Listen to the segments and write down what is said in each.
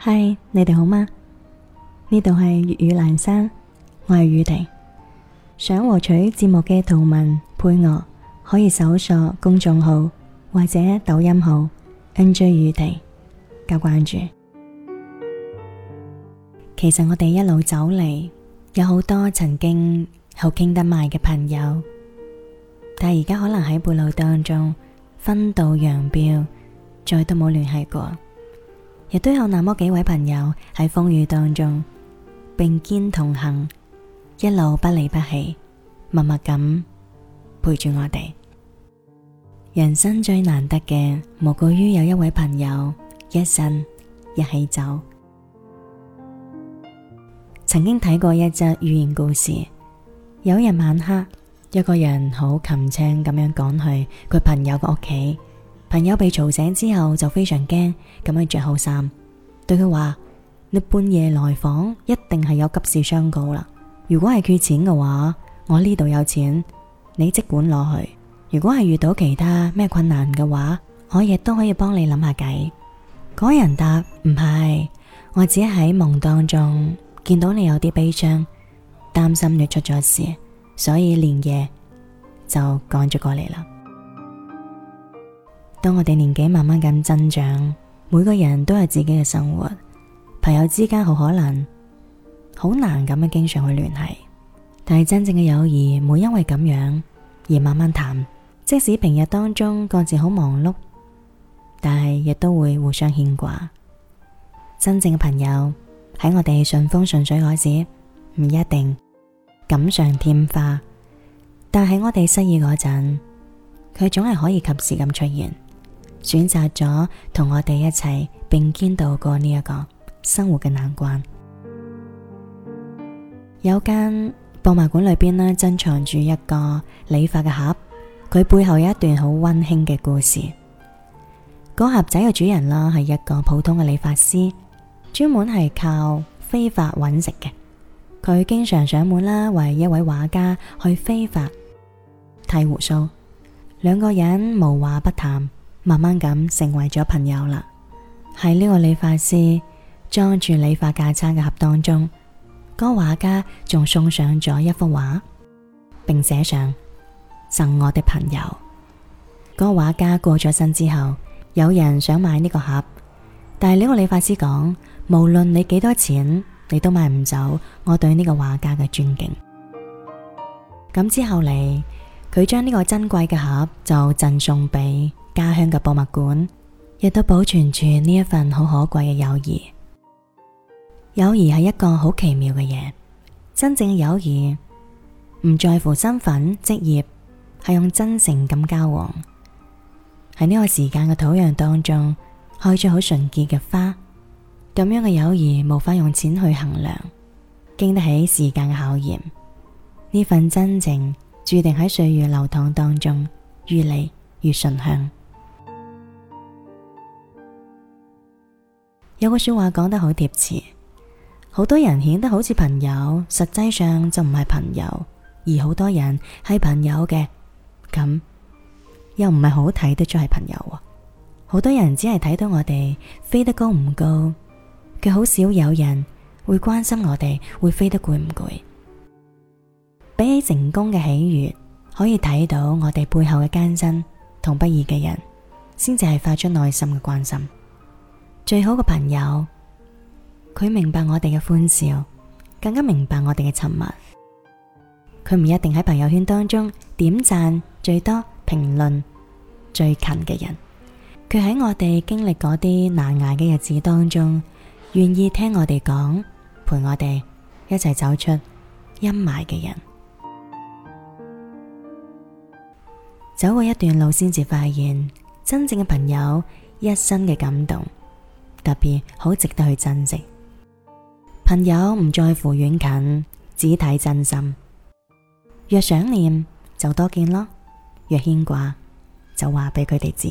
嗨，Hi, 你哋好嗎？呢度係粵語闌珊，我係宇婷。想獲取節目嘅圖文配樂，可以搜索公眾號或者抖音號 NJ 宇婷加關注。其實我哋一路走嚟，有好多曾經好傾得埋嘅朋友，但係而家可能喺半路當中分道揚鑣，再都冇聯繫過。亦都有那麼幾位朋友喺風雨當中並肩同行，一路不離不棄，默默咁陪住我哋。人生最難得嘅，莫過於有一位朋友一生一起走。曾經睇過一則寓言故事，有日晚黑一個人好擒青咁樣趕去佢朋友嘅屋企。朋友被嘈醒之後就非常驚，咁去着好衫，對佢話：你半夜來訪，一定係有急事相告啦。如果係缺錢嘅話，我呢度有錢，你即管攞去。如果係遇到其他咩困難嘅話，我亦都可以幫你諗下計。嗰人答：唔係，我只係喺夢當中見到你有啲悲傷，擔心你出咗事，所以連夜就趕咗過嚟啦。當我哋年紀慢慢咁增長，每個人都有自己嘅生活，朋友之間好可能好難咁樣經常去聯繫，但係真正嘅友誼唔會因為咁樣而慢慢淡。即使平日當中各自好忙碌，但係亦都會互相牽掛。真正嘅朋友喺我哋順風順水嗰時唔一定錦上添花，但係我哋失意嗰陣，佢總係可以及時咁出現。選擇咗同我哋一齊並肩度過呢一個生活嘅難關。 有間博物館裏邊呢，珍藏住一個理髮嘅盒，佢背後有一段好溫馨嘅故事。嗰盒仔嘅主人啦，係一個普通嘅理髮師，專門係靠飛髮揾食嘅。佢經常上門啦，為一位畫家去飛髮剃鬍鬚，兩個人無話不談。慢慢咁成為咗朋友啦。喺呢個理髮師裝住理髮架撐嘅盒當中，嗰個畫家仲送上咗一幅畫，並寫上贈我的朋友。嗰個畫家過咗身之後，有人想買呢個盒，但係呢個理髮師講，無論你幾多錢，你都買唔走我對呢個畫家嘅尊敬。咁之後嚟，佢將呢個珍貴嘅盒就贈送俾。家鄉嘅博物館亦都保存住呢一份好可貴嘅友誼。友誼係一個好奇妙嘅嘢，真正嘅友誼唔在乎身份職業，係用真誠咁交往，喺呢個時間嘅土壤當中開咗好純潔嘅花。咁樣嘅友誼無法用錢去衡量，經得起時間嘅考驗。呢份真情注定喺歲月流淌當中越嚟越醇香。愈有個說話講得好貼切，好多人顯得好似朋友，實際上就唔係朋友；而好多人係朋友嘅，咁又唔係好睇得出係朋友。好多人只係睇到我哋飛得高唔高，卻好少有人會關心我哋會飛得攰唔攰。比起成功嘅喜悅，可以睇到我哋背後嘅艱辛同不易嘅人，先至係發出內心嘅關心。最好嘅朋友，佢明白我哋嘅歡笑，更加明白我哋嘅沉默。佢唔一定喺朋友圈當中點讚最多、評論最勤嘅人，佢喺我哋經歷嗰啲難挨嘅日子當中，願意聽我哋講，陪我哋一齊走出陰霾嘅人。走過一段路，先至發現真正嘅朋友，一生嘅感動。特別好值得去珍惜，朋友唔在乎遠近，只睇真心。若想念，就多見咯；若牽掛，就話俾佢哋知。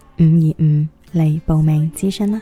五二五嚟報名諮詢啦！